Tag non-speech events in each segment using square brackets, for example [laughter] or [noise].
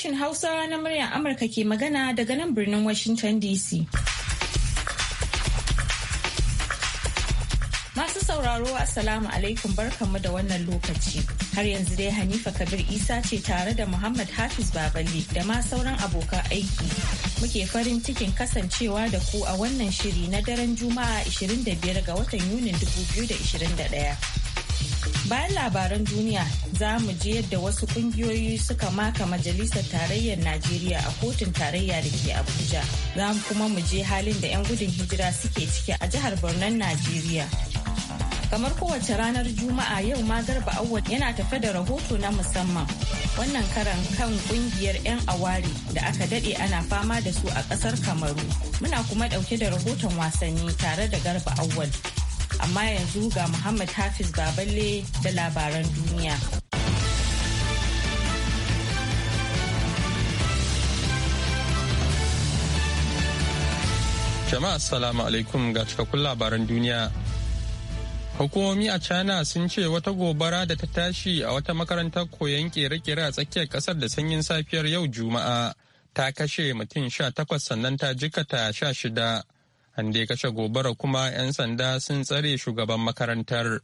sashin Hausawa na muryar Amurka ke magana daga nan birnin Washington DC. Masu sauraro Assalamu alaikum barkanmu da wannan lokaci. Har yanzu dai Hanifa Kabir Isa ce tare da Muhammad Hafiz babali da ma sauran abokan aiki. Muke farin cikin kasancewa da ku a wannan shiri na daren Juma'a 25 ga watan Yunin 2021. Bayan labaran duniya za mu je yadda wasu kungiyoyi suka maka Majalisar Tarayyar Najeriya a kotun tarayya da ke Abuja. Za kuma mu je halin da 'yan gudun hijira suke ciki a jihar Bornan Najeriya. Kamar kowace ranar Juma'a yau ma garba awwal yana tafe da rahoto na musamman. Wannan karan kan kungiyar 'yan awari da aka dade ana fama da su a kasar Kamaru. Muna kuma ɗauke da rahoton wasanni tare da garba awwal. amma yanzu ga Muhammad Hafiz Baballe da labaran duniya. Jama'a Assalamu alaikum ga cikakkun labaran duniya. Hukumomi a China sun ce wata gobara da ta tashi a wata makarantar koyon kere-kere a tsakiyar kasar da sanyin safiyar yau Juma'a ta kashe mutum sha takwas sannan ta jikata sha shida an dai kashe gobara kuma 'yan sanda sun tsare shugaban makarantar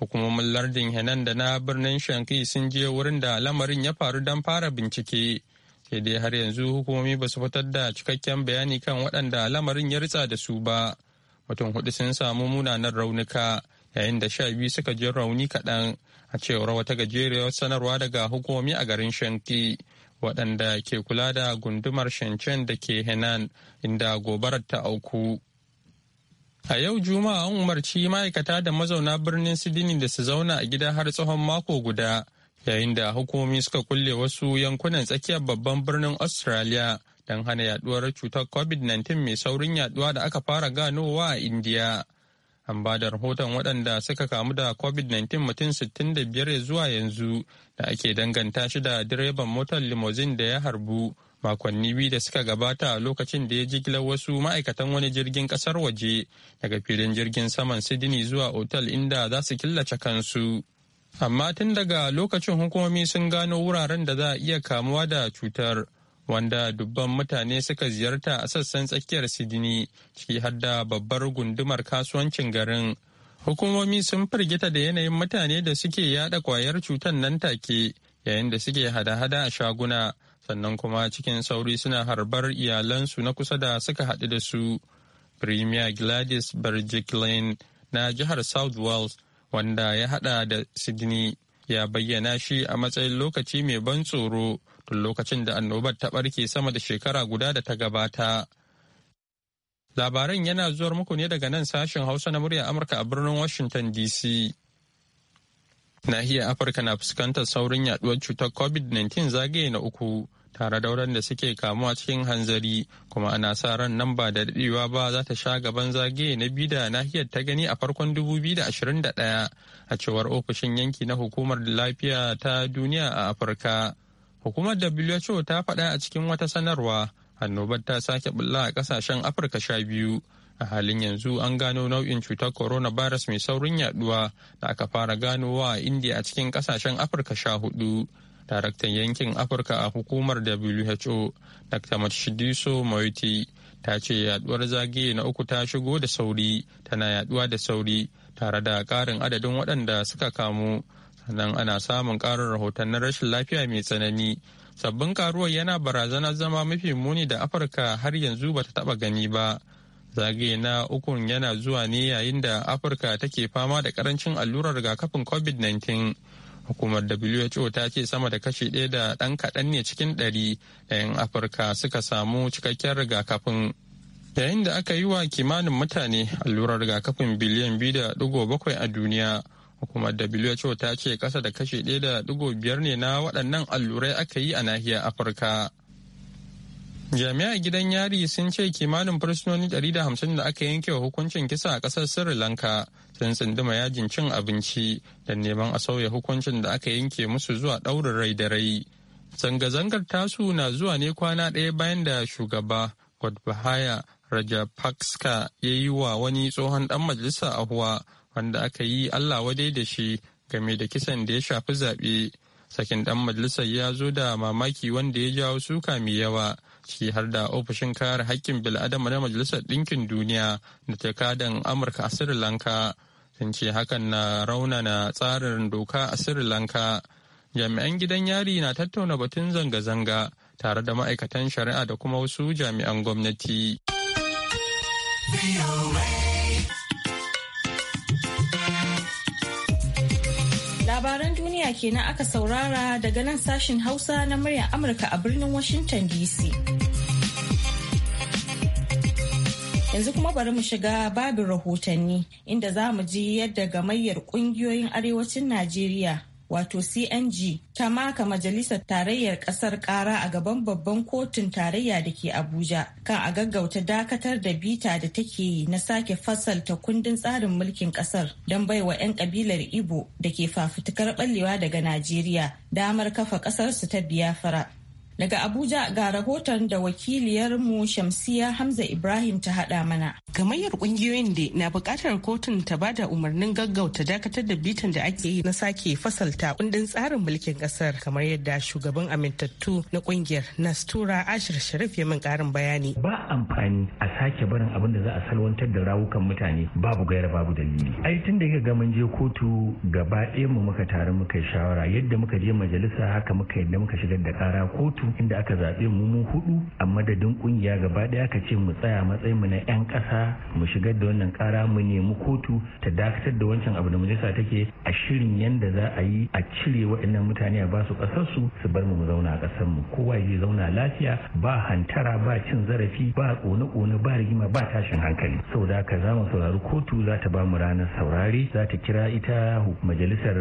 hukumomin lardin henan da na birnin shanki sun je wurin da lamarin ya faru don fara bincike sai dai har yanzu hukumomi ba su fitar da cikakken bayani kan waɗanda lamarin ya ritsa da su ba mutum hudu sun samu munanan raunuka yayin da sha biyu suka je rauni kaɗan a cewar wata gajeriyar sanarwa daga hukumomi a garin shanki waɗanda ke kula da gundumar shancen da ke henan inda gobarar ta auku A yau Juma'a an umarci ma'aikata da mazauna birnin Sidini da su zauna a gida har tsawon mako guda, yayin da hukumomi suka kulle wasu yankunan tsakiyar babban birnin Australia don hana yaduwar cutar COVID-19 mai saurin yaduwa da aka fara ganowa a India. An ba da rahoton waɗanda suka kamu da COVID-19 mutum 65 zuwa yanzu da ake danganta shi da direban motar limousine da ya harbu makonni biyu da suka gabata lokacin da ya jigilar wasu ma'aikatan wani jirgin kasar waje daga filin jirgin saman Sydney zuwa otal inda za su killace kansu. Amma tun daga lokacin hukumomi sun gano wuraren da za a iya kamuwa da cutar. wanda dubban mutane suka ziyarta a sassan tsakiyar Sydney ciki har da babbar gundumar kasuwancin garin. Hukumomi sun firgita da yanayin mutane da suke yada kwayar cutar nan take yayin da suke hada-hada a shaguna sannan kuma cikin sauri suna harbar iyalansu na kusa da suka haɗu da su. Premier Gladys Berejiklian na jihar South Wales wanda ya haɗa da Sydney ya bayyana shi a matsayin lokaci mai ban tsoro tun lokacin da annobar ta ɓarke sama da shekara guda da ta gabata. Labaran yana zuwar muku ne daga nan sashen Hausa na murya Amurka a birnin Washington DC. Nahiyar Afirka na fuskantar saurin yaduwar cutar COVID-19 zagaye na uku tare da da suke kamuwa cikin hanzari kuma ana sa ran nan ba da daɗewa ba za ta sha gaban zage na bida da nahiyar ta gani a farkon 2021 a cewar ofishin yanki na hukumar lafiya ta duniya a afirka hukumar who ta faɗa a cikin wata sanarwa annobar ta sake bulla a ƙasashen afirka sha biyu a halin yanzu an gano nau'in cutar corona virus mai saurin yaduwa da aka fara ganowa a india a cikin ƙasashen afirka sha hudu daraktan yankin afirka a hukumar who dr matshidiso moiti ta ce yaduwar zagaye na uku ta shigo da sauri tana yaduwa da sauri tare da karin adadin waɗanda suka kamu sannan ana samun karin rahoton na rashin lafiya mai tsanani sabbin karuwar yana barazana zama mafi muni da afirka har yanzu ba ta taba gani ba zagaye na uku yana zuwa ne yayin da afirka take fama da karancin allurar rigakafin covid-19 Hukumar WHO ta ce sama da kashi ɗaya da ɗan kaɗan ne cikin ɗari da 'yan Afirka suka samu cikakken rigakafin. Yayin da aka yi wa kimanin mutane allurar rigakafin biliyan biyu da ɗigo bakwai a duniya, hukumar WHO ta ce ƙasa da kashi ɗaya da ɗigo biyar ne na waɗannan allurai aka yi a nahiyar Afirka. Jami'a gidan yari sun ce kimanin fursunoni 150 da aka yanke wa hukuncin kisa a ƙasar Sri Lanka sun tsunduma yajin cin abinci da neman a sauya hukuncin da aka yanke musu zuwa ɗaurin rai da rai. Zanga-zangar tasu na zuwa ne kwana ɗaya bayan da shugaba Godbahaya Rajapaksa ya yi wa wani tsohon ɗan majalisa a huwa wanda aka yi Allah wadai da shi game da kisan da ya shafi zaɓe. Sakin ɗan majalisar ya zo da mamaki wanda ya jawo suka mai yawa. ciki har da ofishin kare haƙƙin bil'adama na majalisar ɗinkin duniya da jakadan amurka a sri lanka sun ce hakan na raunana tsarin doka a sri lanka jami'an gidan yari na tattauna batun zanga-zanga tare da ma'aikatan shari'a da kuma wasu jami'an gwamnati labaran duniya ke kenan aka saurara daga nan sashin hausa na muryar amurka a birnin washington dc Yanzu kuma bari mu shiga babin rahotanni inda za mu ji yadda gamayyar kungiyoyin arewacin Najeriya wato CNG ta maka majalisar tarayyar kasar kara a gaban babban kotun tarayya da ke Abuja kan a gaggauta dakatar da bita da take yi na sake fasalta kundin tsarin mulkin kasar don baiwa 'yan kabilar Igbo da ke fafutukar ballewa daga Najeriya damar kafa kasarsu ta biyafara Daga Abuja ga rahoton da wakiliyarmu Shamsiya Hamza Ibrahim ta haɗa mana. Gamayyar ƙungiyoyin da na buƙatar kotun ta bada umarnin gaggauta dakatar da bitan da ake yi na sake fasalta kundin tsarin mulkin ƙasar kamar yadda shugaban amintattu na ƙungiyar Nastura Ashir Sharif ya min karin bayani. Ba amfani a sake barin abin da za a salwantar da rawukan mutane babu gaira babu dalili. Ai tun da ga mun je kotu gaba ɗaya mu muka taru muka shawara yadda muka je majalisa haka muka yadda muka shigar da ƙara kotu lokacin inda aka zaɓe mu mu hudu a madadin kungiya gaba ɗaya aka ce mu tsaya matsayin mu na 'yan ƙasa mu shigar da wannan ƙara mu nemi kotu ta dakatar da wancan abu da majalisa take a shirin yanda za a yi a cire waɗannan mutane a ba su ƙasarsu su bar mu mu zauna a ƙasar mu kowa ya zauna lafiya ba hantara ba cin zarafi ba ƙone-ƙone ba rigima ba tashin hankali saboda haka za mu saurari kotu za ta ba mu ranar saurari za ta kira ita majalisar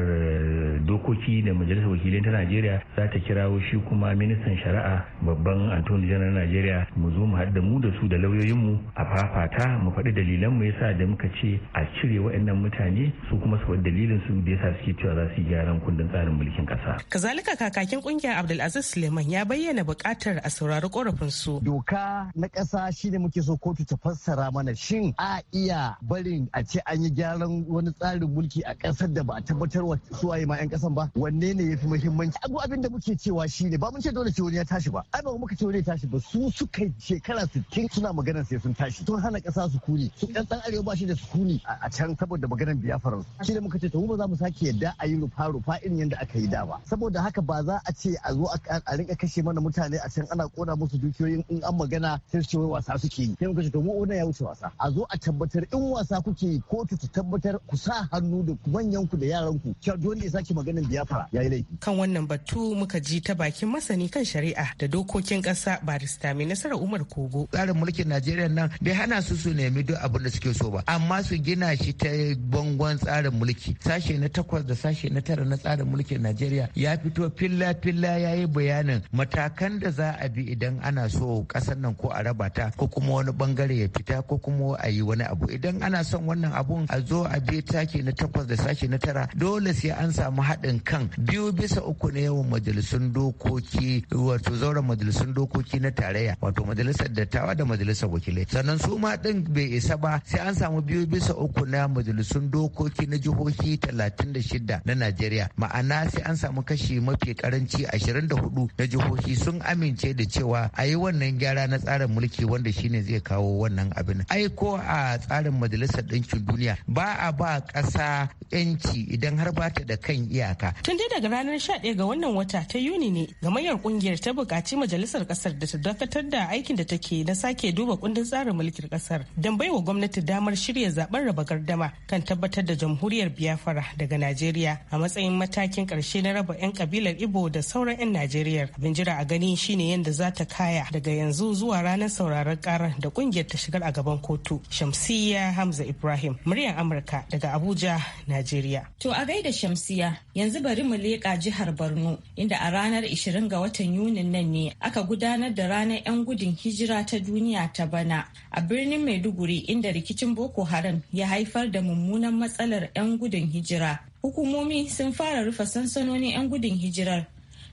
dokoki da majalisar wakilai ta najeriya za ta kirawo shi kuma ministan shari'a babban antoni janar najeriya mu zo mu haɗa mu da su da lauyoyin mu a fafata mu faɗi dalilan mu yasa da muka ce a cire waɗannan mutane su kuma su faɗi dalilin su da yasa suke cewa za su yi gyaran kundin tsarin mulkin ƙasa. kazalika kakakin ƙungiyar abdulaziz suleiman ya bayyana buƙatar a saurari korafin su. doka na ƙasa shi ne muke so kotu ta fassara mana shin a iya barin a ce an yi gyaran wani tsarin mulki a ƙasar da ba a tabbatar wa suwaye ma 'yan ƙasan ba wanne ne ya fi muhimmanci abu abin da muke cewa shi ne ba mun ce dole ce wani ya tashi ba ai ba muka ce wani ya tashi ba su suka shekara sittin suna maganar sai sun tashi sun hana kasa su kuni su ɗan ɗan arewa ba shi da su kuni a can saboda maganar biyafaran shi da muka ce to ba za mu sake yadda a yi rufa rufa irin yadda aka yi da ba saboda haka ba za a ce a zo a rinka kashe mana mutane a can ana kona musu dukiyoyin in an magana sai su ce wai wasa suke yi sai muka ce to mu ya wuce wasa a zo a tabbatar in wasa kuke yi kotu ta tabbatar ku sa hannu da manyan ku da yaran ku cewa dole ya sake maganar biyafara yayi laifi kan wannan batu muka ji ta bakin masani kan shari'a da dokokin ƙasa barista mai nasarar Umar Kogo. Tsarin mulkin Najeriya nan bai hana su su nemi duk abin da suke so ba amma su gina shi ta bangon tsarin mulki sashe na takwas da sashe na tara na tsarin mulkin Najeriya ya fito filla filla ya yi bayanin matakan da za a bi idan ana so ƙasar nan ko a raba ta ko kuma wani bangare ya fita ko kuma a yi wani abu idan ana son wannan abun a zo a bi take na takwas da sashe na tara dole sai an samu haɗin kan biyu bisa uku na yawan majalisun dokoki wato zauren majalisun dokoki na tarayya wato majalisar dattawa da majalisar wakilai sannan su ma din bai isa ba sai an samu biyu bisa uku na majalisun dokoki na jihohi talatin da shida na najeriya ma'ana sai an samu kashi mafi karanci ashirin da hudu na jihohi sun amince da cewa a yi wannan gyara na tsarin mulki wanda shine zai kawo wannan abin Aiko a tsarin majalisar ɗinkin duniya ba a ba ƙasa 'yanci idan har ba ta da kan iyaka tun dai daga ranar 11 ga wannan wata ta yuni ne gamayyar ƙungiyar yar ta buƙaci majalisar ƙasar da ta dakatar da aikin da take na sake duba kundin tsarin mulkin ƙasar don wa gwamnati damar shirya zaben raba gardama kan tabbatar da jamhuriyar Biafra daga Najeriya a matsayin matakin ƙarshe na raba 'yan kabilar Ibo da sauran 'yan Najeriya. Abin jira a gani shine yadda za ta kaya daga yanzu zuwa ranar sauraron ƙarar da ƙungiyar ta shigar a gaban kotu. Shamsiya Hamza Ibrahim, muryar Amurka daga Abuja, Najeriya. To a gaida Shamsiya, yanzu bari mu leƙa jihar Borno inda a ranar 20 ga watan Yunin nan ne aka gudanar da ranar 'yan gudun hijira ta duniya ta bana a birnin Maiduguri inda rikicin Boko Haram ya haifar da mummunan matsalar 'yan gudun hijira. Hukumomi sun fara rufe sansanonin 'yan gudun hijirar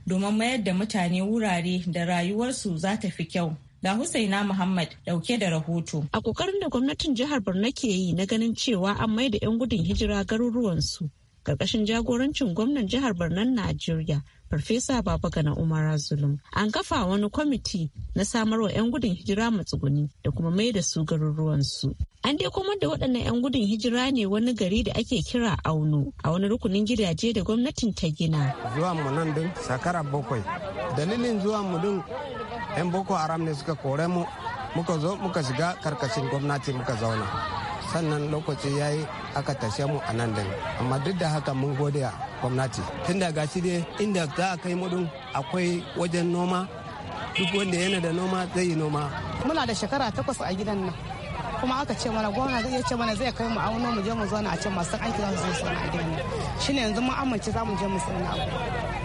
domin mayar da mutane wurare da rayuwarsu za ta fi kyau. ga Husaina Muhammad dauke da rahoto. A kokarin da gwamnatin jihar Borno ke yi na ganin cewa an mai da 'yan gudun hijira garuruwansu. Karkashin jagorancin gwamnan jihar Borno Najeriya, Farfesa Babagana Umara Zulum. An kafa wani kwamiti na samarwa 'yan gudun hijira matsuguni da kuma mai da su garuruwansu. An dai kuma da waɗannan 'yan gudun hijira ne wani gari da ake kira Auno a wani rukunin gidaje da gwamnatin ta gina. Zuwan mu nan din sakara bakwai. Dalilin zuwan mu din 'yan Boko Haram ne suka kore mu muka zo muka shiga karkashin gwamnati muka zauna. Sannan lokaci ya yi aka tashe mu a nan din. Amma duk da haka mun gode gwamnati tun da gashi dai inda za a kai mudun akwai wajen noma duk wanda yana da noma zai yi noma muna da shekara takwas a gidan nan kuma aka ce mana gwamna zai ce mana zai kai mu wani mu je mu zauna a can masu aiki za su zo su a gidan nan shine yanzu mu amince za mu je mu sana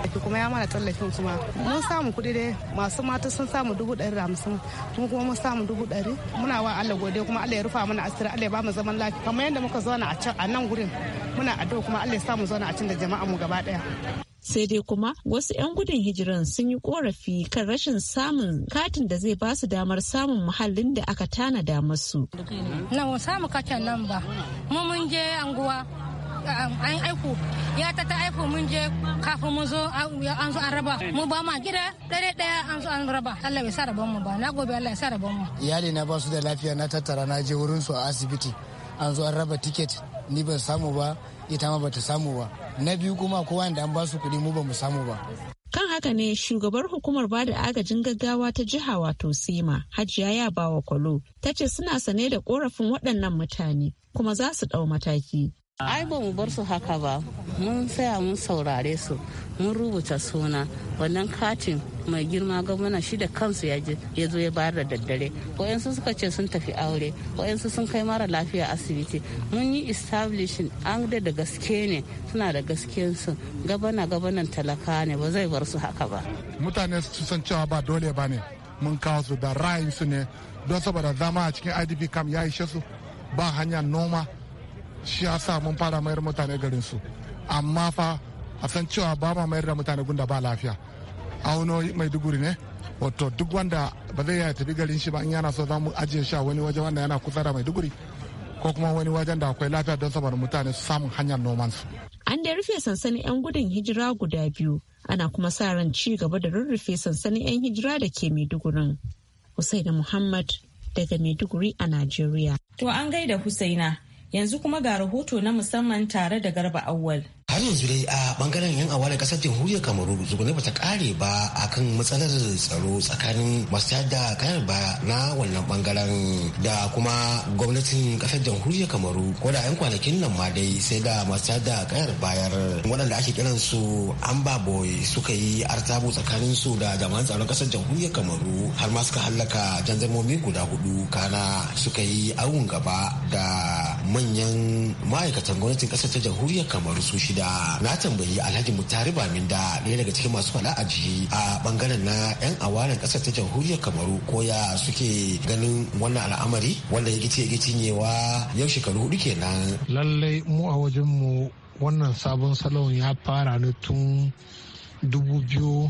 kuma ya mana tallafin kuma mun samu kuɗi dai masu mata sun samu dubu ɗari da hamsin mun kuma mun samu dubu ɗari muna wa Allah godiya kuma Allah ya rufa mana asiri Allah ya bamu zaman lafiya kamar yadda muka zauna a can a nan gurin muna addu'a kuma Allah ya samu zauna a can da jama'a mu gaba ɗaya. sai dai kuma wasu 'yan gudun hijiran sun yi korafi kan rashin samun katin da zai basu damar samun muhallin da aka tana tanada masu. Na samu katin nan ba, mun je anguwa an aiko ya ta ta aiko mun je kafin mun zo an zo an raba mu ba ma gida dare daya an zo an raba Allah ya sa mu ba na gobe Allah ya sa mu iyali na ba su da lafiya na tattara na je wurin su a asibiti an zo an raba tiket ni ban samu ba ita ma bata samu ba na biyu kuma kowa da an ba su kuɗi mu ba mu samu ba kan haka ne shugabar hukumar ba da agajin gaggawa ta jiha wato Sima, hajiya ya bawa kwalo ta ce suna sane da korafin waɗannan mutane kuma za su ɗau mataki ai ba mu bar su haka ba mun saya mun saurare su mun rubuta suna wannan katin mai girma gwamna shi da kansu ya zo ya bayar da daddare wayansu suka ce sun tafi aure wayansu sun kai mara lafiya asibiti mun yi establishin an da da gaske ne suna da gaskensu gabana gabanan talaka ne ba zai bar su haka ba mutane su san cewa ba dole ba ne mun kawo su da ra'ayinsu ne don saboda zama a cikin idp kam ya ishe su ba hanya noma shi ya sa mun fara mayar mutane garin su amma fa a san cewa ba ma mayar da mutane gunda ba lafiya a wani mai duguri ne wato duk wanda ba zai yaya tafi garin shi ba in yana so za mu ajiye shi a wani waje wanda yana kusa da duguri ko kuma wani wajen da akwai lafiya don saboda mutane su samun hanyar nomansu. An da rufe sansanin 'yan gudun hijira guda biyu ana kuma sa ran ci gaba da rurrufe sansanin 'yan hijira da ke Maidugurin. Husaina Muhammad daga Maiduguri a Najeriya. To an gaida Husaina. Yanzu kuma ga rahoto na musamman tare da Garba Awwal. har yanzu dai a bangaren yan awalin kasar jamhuriyar kamaru zugune bata kare ba a kan matsalar tsaro tsakanin masu kayar ba na wannan bangaren da kuma gwamnatin kasar jamhuriyar kamaru ko da yan kwanakin nan ma dai sai da masu kayar bayar waɗanda ake kiran su amba boy suka yi artabu tsakanin su da jama'an tsaron kasar jamhuriyar kamaru har ma suka hallaka jandarmomi guda hudu kana suka yi awun gaba da manyan ma'aikatan gwamnatin kasar ta jamhuriyar kamaru su shida da na tambayi alhaji mutari bamin da ɗaya daga cikin masu fada a jihi a bangaren na yan awalen ƙasar ta jamhuriyar kamaru ko ya suke ganin wannan al'amari wanda ya gice ya cinyewa yau shekaru hudu kenan lallai mu a wajen mu wannan sabon salon ya fara ne tun dubu biyu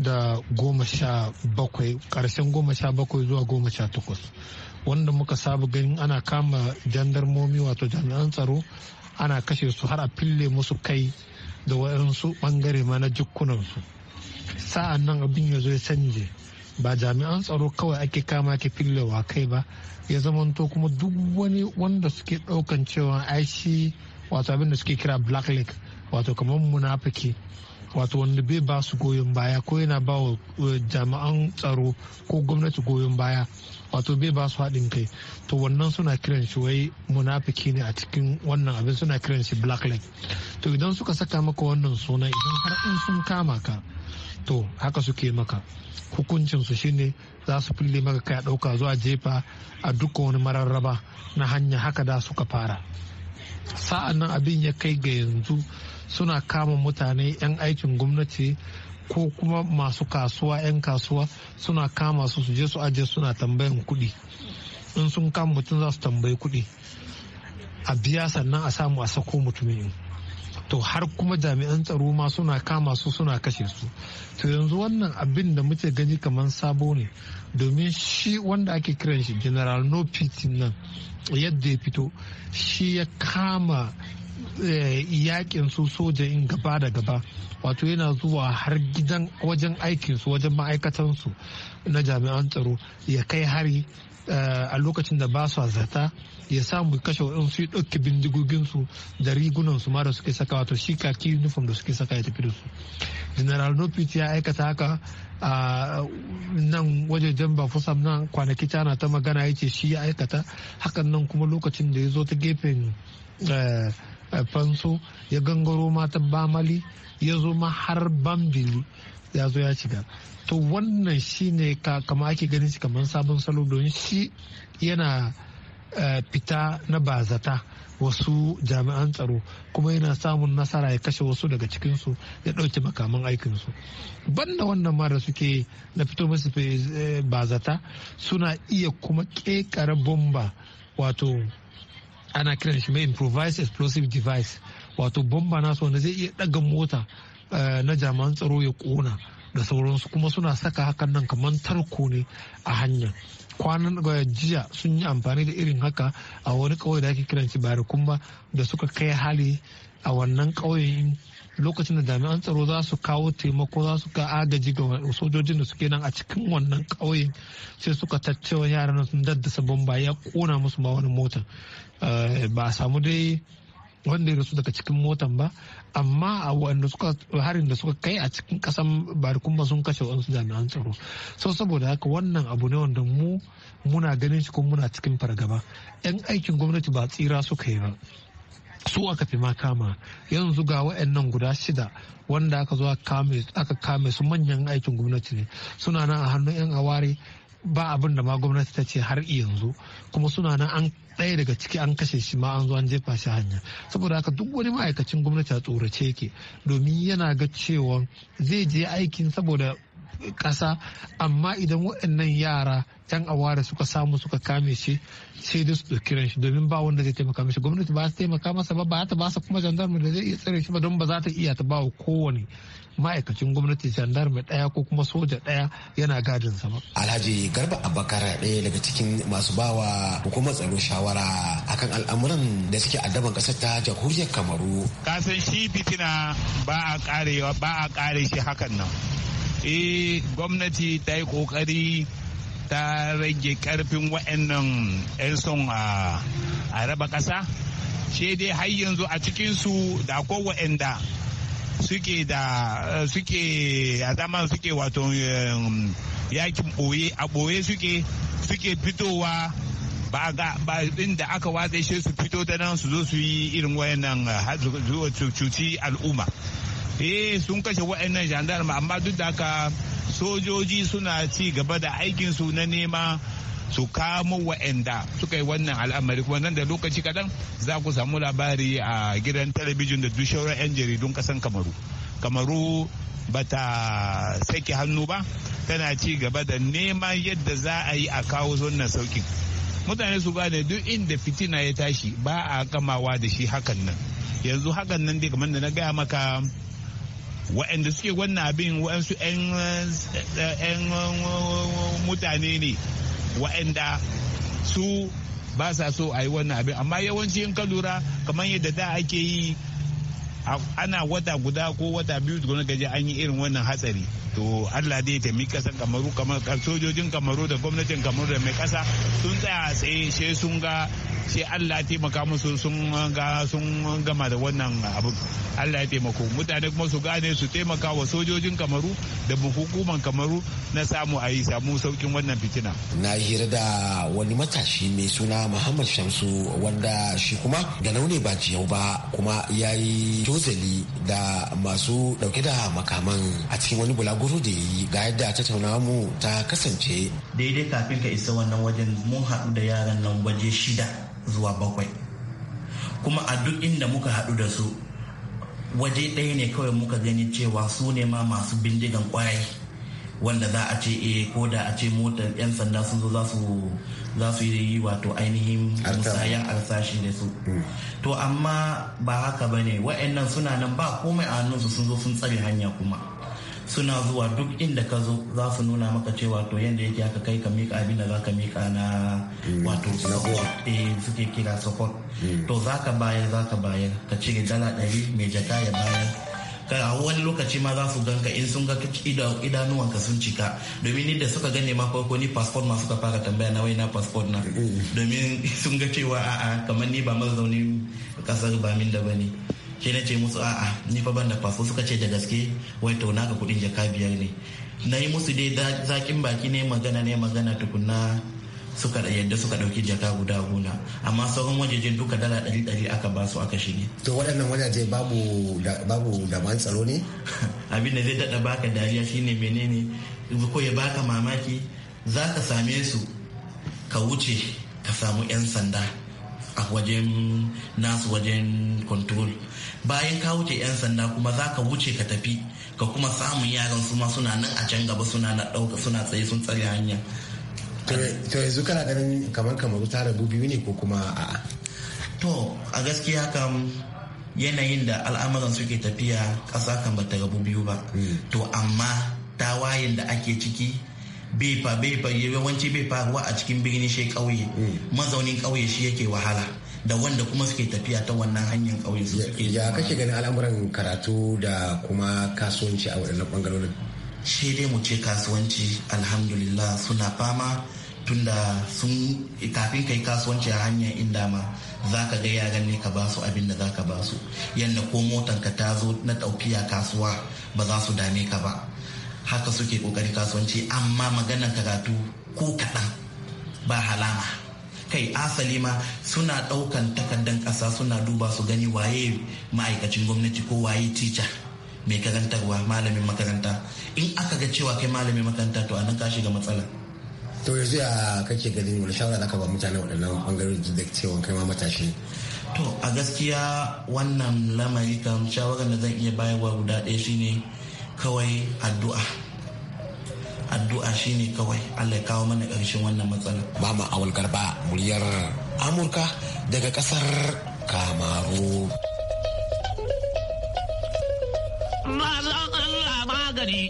da goma sha bakwai ƙarshen goma sha bakwai zuwa goma sha takwas wanda muka saba ganin ana kama jandarmomi wato jami'an tsaro ana kashe su har a fille musu kai da waɗansu ɓangare ma na jikunansu sa'an nan abin ya zo ya canje ba jami'an tsaro kawai ake kama ke fillewa kai ba ya zamanto kuma duk wani wanda suke ɗaukan cewa aishi wato abin da suke kira black lake wato kamar munafiki wato wanda bai ba su goyon baya ko yana ba wa eh, jami'an tsaro ko gwamnati goyon baya wato bai ba su haɗin kai to wannan suna kiran shi wai munafiki ne a cikin wannan abin suna kiran shi leg to idan suka saka maka wannan suna idan har in sun kama ka to haka suke maka hukuncin hukuncinsu shine za su fille maka kai ɗauka zuwa jefa a duka wani mararraba na hanya haka da suka fara sa'an nan abin ya kai ga yanzu suna kama mutane 'yan aikin gwamnati ko kuma masu kasuwa 'yan kasuwa suna kama su je su aje suna tambayan kuɗi in sun kama mutum za su tambayi kuɗi a biya sannan a samu a sako mutumin to har kuma jami'an tsaro ma suna kama su suna kashe su to yanzu wannan abin da muke gani kamar sabo ne domin shi wanda ake kiran shi general no nan yadda ya fito shi ya kama Eh, yakin su soja in gaba da gaba wato yana zuwa har gidan wajen aikinsu wajen ma'aikatansu na jami'an tsaro ya kai hari eh, a lokacin da ba su zata ya samu kashe waɗansu ya ɗauki bindigoginsu da rigunansu ma da suke saka wato shi kaki uniform da suke saka ya tafi da su general nopit ya aikata haka a nan wajejen bafusam nan kwanaki tana ta magana ya ce shi ya aikata hakan nan kuma lokacin da ya zo ta gefen eh, fanso ya gangaro ma bamali ya zo ma har bambili ya zo ya shiga to wannan shi ne kama ake ganin shi kamar sabon salo don shi yana eh, fita na bazata wasu jami'an tsaro kuma yana samun nasara ya kashe wasu daga cikinsu ya ɗauki makaman aikinsu banda wannan mara suke na fito masu eh, bazata suna iya kuma ƙeƙara bomba wato ana kiran shi mai improvised explosive device wato bomba nasu wanda zai iya daga mota eh, na jami'an tsaro ya kona da sauransu kuma suna saka hakan nan kamar tarko ne a hanya kwanan eh, jiya sun yi amfani da irin haka a wani kawai da ake kiran shi kumba da suka kai hali a wannan ƙauyen lokacin da jami'an tsaro za su kawo taimako za su ga agaji ga sojojin da suke nan a cikin wannan kauye sai suka taccewa yaran sun daddasa bomba ya kona musu ma wani mota Eh, ba a samu dai wanda ya rasu daga cikin motan ba amma a wanda suka harin da suka kai a cikin kasan barikun sun kashe wasu jami'an tsaro sau saboda haka wannan abu ne wanda mu muna ganin shi kuma muna cikin fargaba yan aikin gwamnati ba tsira suka yi ba su aka fi ma kama yanzu ga wa'annan guda shida wanda aka zo aka kame su manyan aikin gwamnati ne suna nan a hannun yan aware ba abin da ma gwamnati ta ce har yanzu kuma suna nan an ɗaya daga ciki an kashe shi ma an zo an jefa shi hanya saboda haka duk wani ma'aikacin gwamnati a tsorace yake domin yana ga cewa zai je aikin saboda ƙasa amma idan waɗannan yara 'yan awara suka samu suka kame shi sai dai su ɗauki ran shi domin ba wanda zai taimaka mishi gwamnati ba su taimaka masa ba ba ta ba su kuma jandarmu da zai iya tsare shi ba don ba za ta iya ta ba wa kowane ma'aikacin gwamnati mai ɗaya ko kuma soja ɗaya yana gadin sama. Alhaji Garba Abakar ɗaya daga cikin masu bawa hukumar tsaro shawara akan al'amuran da suke addaban ƙasar ta jamhuriyar Kamaru. Kasan shi fitina ba a karewa ba a kare shi hakan nan. Eh gwamnati ta yi ƙoƙari ta rage karfin wa'annan 'yan son a raba ƙasa. Shede dai har yanzu a cikinsu da ko wa'anda suke da eh, suke a dama suke wato yakin boye a boye suke suke fitowa ba ga ba inda aka watsa shi su fito da nan su zo su yi irin wayannan eh, cuci al'umma eh sun kashe wayannan gendarme amma duk da haka sojoji suna ci gaba da aikinsu na nema su kamo wa'anda suka yi wannan al'amari kuma nan da lokaci kadan za ku samu labari a gidan talabijin da duk 'yan jaridun kasan kamaru kamaru ba ta sake hannu ba tana ci gaba da neman yadda za a yi a kawo wannan saukin mutane su gane duk inda fitina ya tashi ba a kamawa da shi hakan nan yanzu hakan nan dai kamar da na gaya maka wa'anda suke wannan abin wa'ansu 'yan mutane ne waɗanda su ba sa so a yi wannan abin amma yawanci in ka lura kamar yadda da ake yi ana wata guda ko wata biyu tukuna gaji an yi irin wannan hatsari to allah dai mi kasan kamaru kamar sojojin kamaru da gwamnatin kamaru da mai kasa sun tsaya tsaye sai sun ga sai Allah ya taimaka musu sun ga sun gama da wannan abu Allah ya taimako mutane kuma su gane su taimaka wa sojojin kamaru da hukuman kamaru na samu a yi samu saukin wannan fitina na hira da wani matashi mai suna Muhammad Shamsu wanda shi kuma da launi ba jiyau ba kuma ya yi tozali da masu dauke da makaman a cikin wani bulaguro da yi ga yadda tattaunawa mu ta kasance daidai kafin ka isa wannan wajen mun haɗu da yaran nan waje shida zuwa bakwai kuma a duk inda muka haɗu da su waje ɗaya ne kawai muka gani cewa su ne ma masu bindigan kwarai wanda za a ce e ko da a ce motar 'yan sanda sun zo za su yi wato ainihin musayan alsashi da su hmm. to amma ba haka ba ne wa'annan suna nan ba komai a hannunsu sun zo sun tsare hanya kuma suna zuwa duk inda ka zo za su nuna maka cewa to yadda yake aka kai ka mika abin da za ka mika na mm. wato support eh suke kira support mm. to za ka bayar za ka bayar ka cire dala ɗari mai jaka ya bayar a wani lokaci ma za su ganka in sun ga idanuwanka sun cika domin ni da suka gane ma farko ni passport ma suka fara tambaya na wai na passport na mm. domin [laughs] sun ga cewa a'a kamar ni ba mazaunin kasar ba min da bane sai na ce musu a'a ni fa ban da faso suka ce da gaske wai to naka kudin jaka biyar ne na yi musu dai zakin baki ne magana ne magana tukunna suka yadda suka dauki jaka guda guna amma sauran wajejen duka dala ɗari ɗari aka ba su aka shige. to waɗannan wajaje babu babu daman tsaro ne [laughs] abin da zai daɗa baka dariya shine menene ko ya baka mamaki zaka same su ka wuce ka samu 'yan sanda a wajen nasu wajen control bayan ka wuce 'yan sanda kuma za ka wuce ka tafi ka kuma samun yaran su ma suna nan a can gaba suna na ɗauka suna tsaye sun tsare hanya to yanzu kana ganin kamar kamar ta rabu biyu ne ko kuma a'a to a gaskiya kam yanayin da al'amuran suke tafiya ƙasa kan bata rabu biyu ba hmm. to amma tawayen da ake ciki Bepa bepa yawanci bai faruwa a cikin birnin shi kauye hmm. mazaunin kauye shi yake wahala da wanda kuma suke tafiya ta wannan hanyar kauye su suke ya kake ganin al'amuran karatu da kuma kasuwanci a waɗannan bangarorin shi dai mu ce kasuwanci alhamdulillah suna fama tunda sun kafin kai kasuwanci a hanyar inda ma za ka ga yaran ne ka basu abin da za ka ba su yadda ko motanka ta zo na ɗaukiya kasuwa ba za su dame ka ba haka suke kokari kasuwanci amma maganar karatu ko kaɗan ba halama kai asali ma suna ɗaukan takardar ƙasa suna duba su gani waye ma'aikacin gwamnati ko waye tica mai karantarwa malamin makaranta in aka ga cewa kai malamin makaranta to anan ka shiga matsala to yanzu ya kake ganin wani shawara da ka ba mutane waɗannan ɓangarorin da cewa kai ma matashi to a gaskiya wannan lamari kan shawarar da zan iya bayarwa guda ɗaya shine kawai addu'a addu'a shine kawai allah ya kawo mana karshen wannan matsala mama awal garba muryar amurka daga ƙasar kamaru magani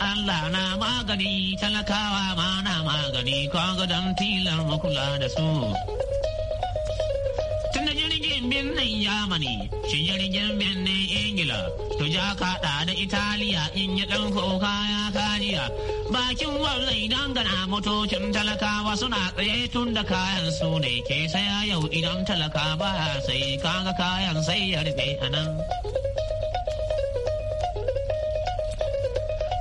Allah na magani talakawa ma magani kwa don tilar makula da su jirgin birnin Yamani, shi jirgin birnin Ingila, to ja kaɗa da Italiya in yi ɗan kuka ya kariya. Bakin wallai dangana motocin talakawa suna tsaye tun da kayan su ne ke saya yau idan talaka ba sai kaga kayan sai ya a nan.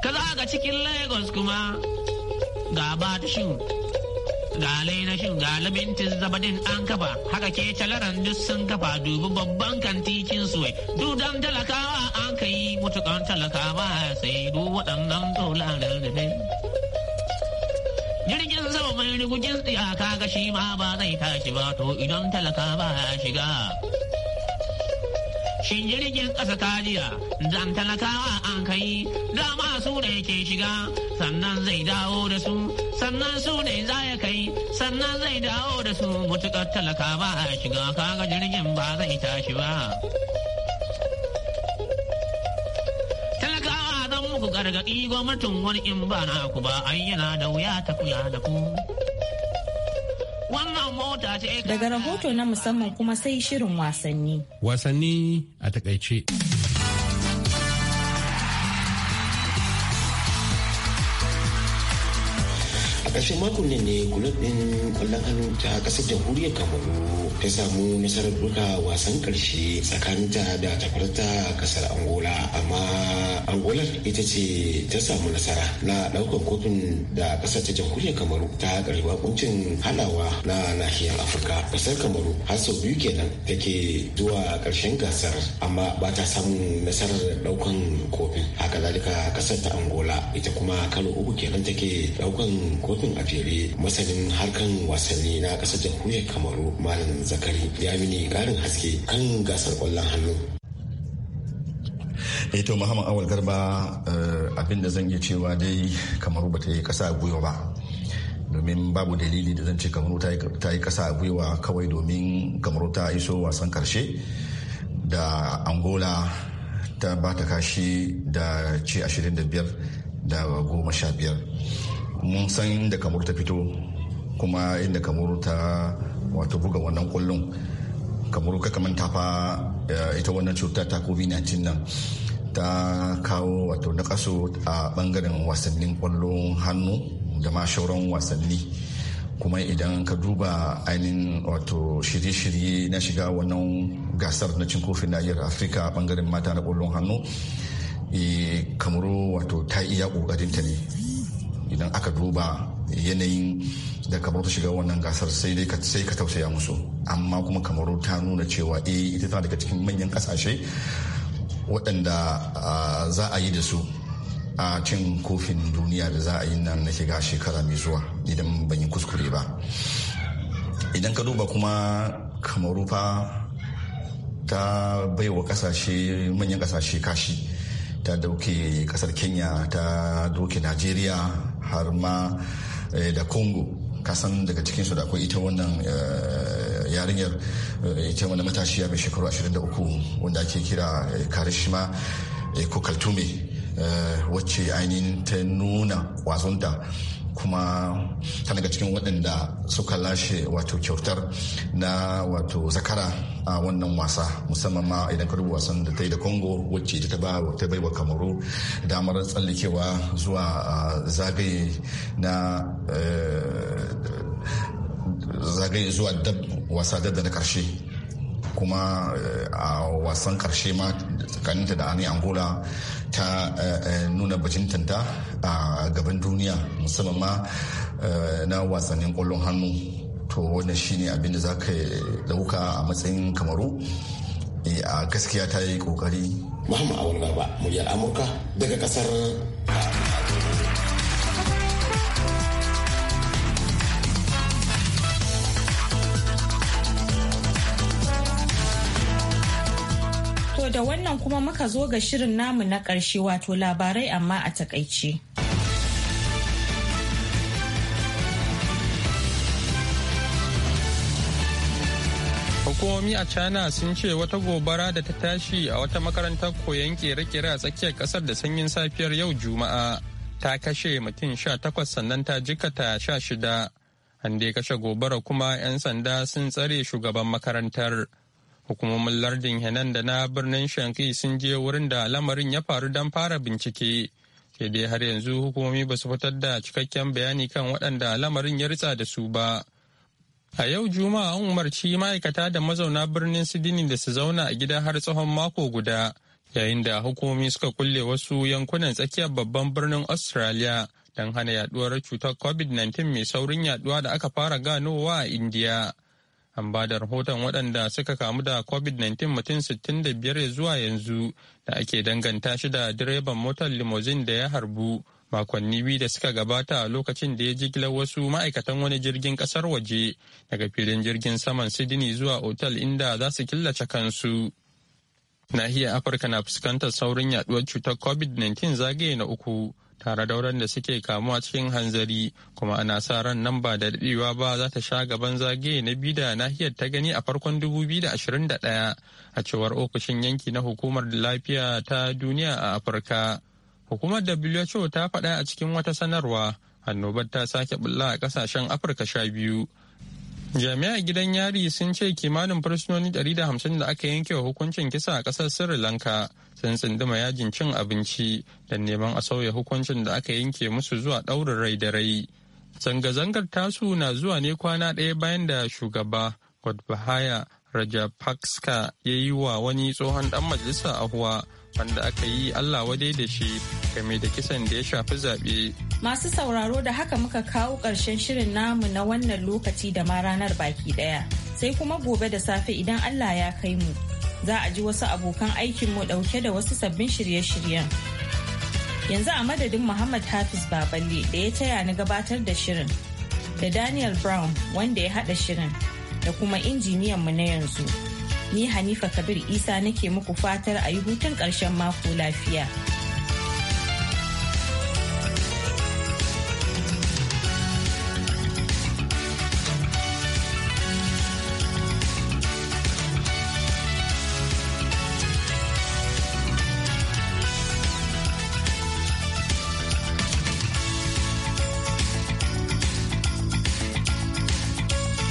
Ka cikin Lagos kuma ga ba ga na shin gala zabadin an kafa haka ke talaran duk sun kafa dubi babban kantikin suwai dudan talakawa an ka yi mutukan talakawa sai du waɗannan dolarar da ne jirgin sama mai rigujin tsiyaka ga shi ma ba zai tashi ba to idan talakawa ya shiga shin jirgin ƙasa ta jiya dan talakawa an kai dama su da yake shiga sannan zai dawo da su sannan su ne za ya kai sannan zai dawo da su mutuƙar talaka ba a shiga kaga jirgin ba zai tashi ba talakawa zan muku gargaɗi gwamnatin wani in ba na ku ba ayyana da wuya ta kuya da ku wannan Daga rahoto na musamman kuma sai shirin wasanni. Wasanni a takaice. ƙarshen makon ne ne kulub ɗin ƙwallon hannu ta ƙasar jamhuriyar kamaru ta samu nasarar buga wasan ƙarshe tsakaninta da takwarta ƙasar angola amma angolar ita ce ta samu nasara na ɗaukar kofin da ƙasa ta jamhuriyar kamaru ta karewa kuncin halawa na nahiyar afirka ƙasar kamaru har sau biyu kenan take zuwa ƙarshen gasar amma ba ta samun nasarar ɗaukan kazalika kasar ta angola ita kuma kano uku kenan take daukan kotun a fere masanin harkan wasanni na kasar jamhuriyar kamaru malam zakari ya mini karin haske kan gasar kwallon hannu eto eh muhammad awal garba eh, abin da zan iya cewa dai kamaru ba ta yi kasa gwiwa ba domin babu dalili da zan ce kamaru ta yi kasa gwiwa kawai domin kamaru ta iso wasan karshe da angola ta ba ta kashi da ce 25 da goma sha biyar mun san inda kamar ta fito kuma inda kamar ta wato buga wannan kullum kamar ka ta fa eh, ita wannan cuta ta covid-19 nan ta kawo wato na kaso a bangaren wasannin kwallon hannu da ma shauran wasanni kuma idan ka duba ainihin wato shirye-shirye na shiga wannan gasar na cin kofin nahiyar afirka bangaren mata na ƙwallon hannu e, kamaru wato ta iya ta ne idan aka duba yanayin da kamaru ta shiga wannan gasar sai dai sai ka tausaya musu amma kuma kamaru ta nuna cewa eh ita tana daga cikin manyan kasashe waɗanda za a yi da su a cin kofin duniya da za a yi nan na shiga shekara mai zuwa idan ban yi kuskure ba idan ka duba kuma kamaru fa ta baiwa kasashe manyan kasashe kashi ta dauke kasar kenya ta doke najeriya har ma eh, da congo kasan daga cikinsu da akwai ita wannan eh, yarinyar eh, ita wani matashiya mai shekaru 23 wanda ake kira karishima ko kaltume Eh, wacce ainihin ta nuna kwazonta kuma ta daga cikin waɗanda suka lashe wato kyautar na wato zakara a wannan wasa musamman ma idan ka duba wasan da ta yi da congo wacce ta ba ta baiwa kamaru damar tsallakewa zuwa zagaye na eh, zagaye zuwa wasa da na karshe kuma eh, a wasan karshe ma tsakaninta da ani angola ta eh, eh, nuna bajintanta a gaban duniya musamman ma na wasannin kwallon hannu to wannan shine abinda za ka dauka a matsayin kamaru a gaskiya ta yi kokari muhammadu abu ba muryar amurka daga kasar kuma muka zo ga shirin namu na ƙarshe wato labarai amma a takaice. hukumomi a china sun ce wata gobara da ta tashi a wata makarantar koyon kere-kere a tsakiyar kasar da sanyin safiyar yau juma'a ta kashe mutum sha takwas sannan ta jikata sha shida an kashe gobara kuma 'yan sanda sun tsare shugaban makarantar Hukumomin lardin Henan da na birnin shanki sun je wurin da lamarin ya faru don fara bincike. Sai dai har yanzu hukumomi ba su fitar da cikakken bayani kan waɗanda lamarin ya ritsa da su ba. A yau Juma'a an umarci ma'aikata da mazauna birnin Sidini da su zauna a gida har tsawon mako guda, yayin da hukumomi suka kulle wasu yankunan tsakiyar babban birnin Australia don hana yaduwar cutar COVID-19 mai saurin yaduwa da aka fara ganowa a indiya. an ba da rahoton waɗanda suka kamu da covid-19 mutum 65 zuwa yanzu da ake danganta shi da direban motar limousine da ya harbu makonni biyu da suka gabata lokacin da ya jigilar wasu ma'aikatan wani jirgin ƙasar waje daga filin jirgin saman sydney zuwa otal inda za su killace kansu nahiyar afirka na fuskantar saurin yaduwar cutar covid-19 zagaye na uku tare da da suke kamuwa cikin hanzari kuma ana sa ran nan ba da daɗewa ba za ta sha gaban zage na biyu da nahiyar ta gani a farkon 2021 a cewar ofishin yanki na hukumar lafiya ta duniya a afirka hukumar who ta faɗa a cikin wata sanarwa annobar ta sake bulla a ƙasashen afirka sha biyu jami'a gidan yari sun ce kimanin fursunoni 150 da aka yanke wa hukuncin kisa a kasar sri lanka sun tsinduma yajin cin abinci da neman a sauya hukuncin da aka yanke musu zuwa ɗaurin rai da rai zanga-zangar tasu na zuwa ne kwana ɗaya bayan da shugaba godbahaya rajapaksa ya yi wa wani tsohon ɗan majalisa ahuwa wanda aka yi Allah wadai da shi game da kisan da ya shafi zaɓe. Masu sauraro da haka muka kawo ƙarshen shirin namu na wannan lokaci da ma ranar baki ɗaya. Sai kuma gobe da safe idan Allah ya kai mu. Za a ji wasu abokan aikinmu ɗauke da wasu sabbin shirye-shiryen. Yanzu a madadin Muhammad Hafiz Baballe da ya taya ni gabatar da shirin. Da Daniel Brown wanda ya haɗa shirin. Da kuma injiniyan mu na yanzu. Ni Hanifa Kabir Isa nake muku fatar a yi hutun ƙarshen mako lafiya.